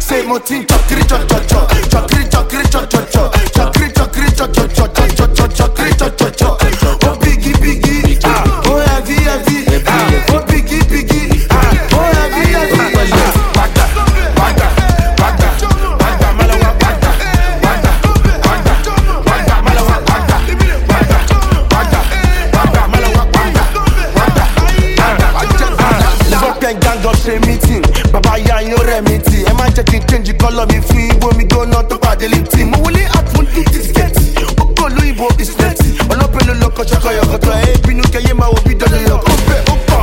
Say more thing, chakri chak chak chak, chakri chakri ability ẹ má jẹ́ kí n change kọ́lọ́ mi fún igbó mi gbóná tó pàdé létí mo wọlé àtúndì ti skẹ́ẹ̀tì ó kò lóyìnbó ìsinẹ́tì ọlọ́pẹ̀lú lọkọ̀ ṣọkọ̀yọ̀kọ̀tọ̀ ẹ̀ bínú kẹyẹ máa wo bí dandan yọ kó bẹ̀ ó pọ̀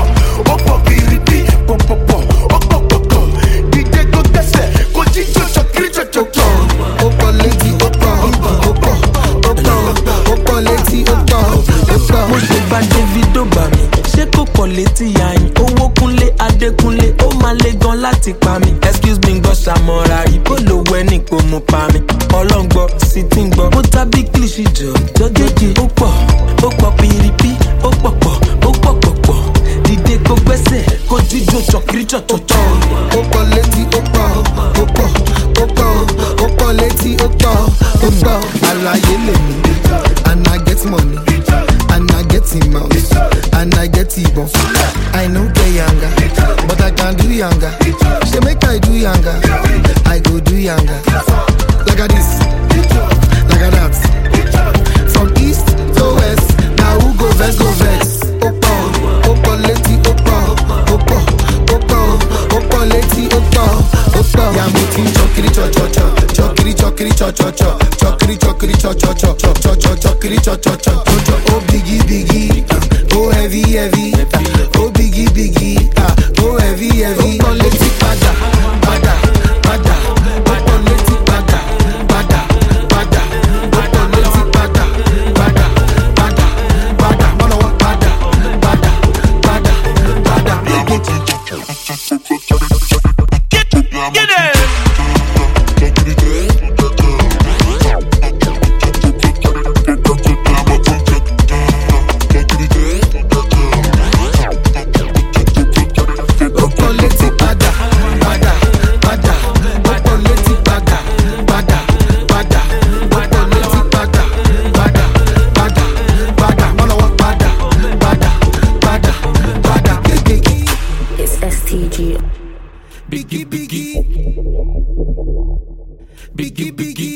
ó pọ̀ kiri bí pọ̀pọ̀pọ̀ ó pọ̀ pọ̀pọ̀ dídé tó tẹ̀sẹ̀ kó jíjọ ṣọkiri ṣọṣọṣọ. ó pọ̀ létí ó pọ̀ ó pọ̀ ó pọ̀ ó pọ̀ létí ó pọ̀ ó pọ̀. mo ṣe mi ṣé kò pọ̀ létí y olówó kúnlé adékúnlé ó máa le gan láti pa mí excuse me gbọ́ ṣàmọ́ra rí bó ló wẹ́ ní kò mú pa mí ọlọ́ngbọ́ sì ti ń gbọ́ mo ta bí kílìṣì jọ jọgẹ́jì ó pọ̀ ó pọ̀ pìrìpì ó pọ̀ pọ̀ ó pọ̀ pọ̀ pọ̀ dìde kó gbẹ́sẹ̀ kó dídùn ṣọ̀kìrìṣọ̀ tó tọ̀. ó pọ̀ létí ó pọ̀ ó pọ̀ ó pọ̀ ó pọ̀ létí ó pọ̀ ó pọ̀ àlàyé lèmi and I get money and I get amount and I get ìbọn. yanga. She make I do yanga. I go do yanga. Like a this, like a that. From east to west, now who go vex go vex. Opa, opa leti, opa, opa, opa, opa leti, opa, opa. Yamuti chokiri chochocho, chokiri chokiri chochocho, chokiri chokiri chochocho, chochocho chokiri chochocho, chocho. Oh biggie biggie, oh heavy heavy, ah, oh biggie biggie, ah oh heavy, heavy. Biggie, Biggie. Biggie, Biggie.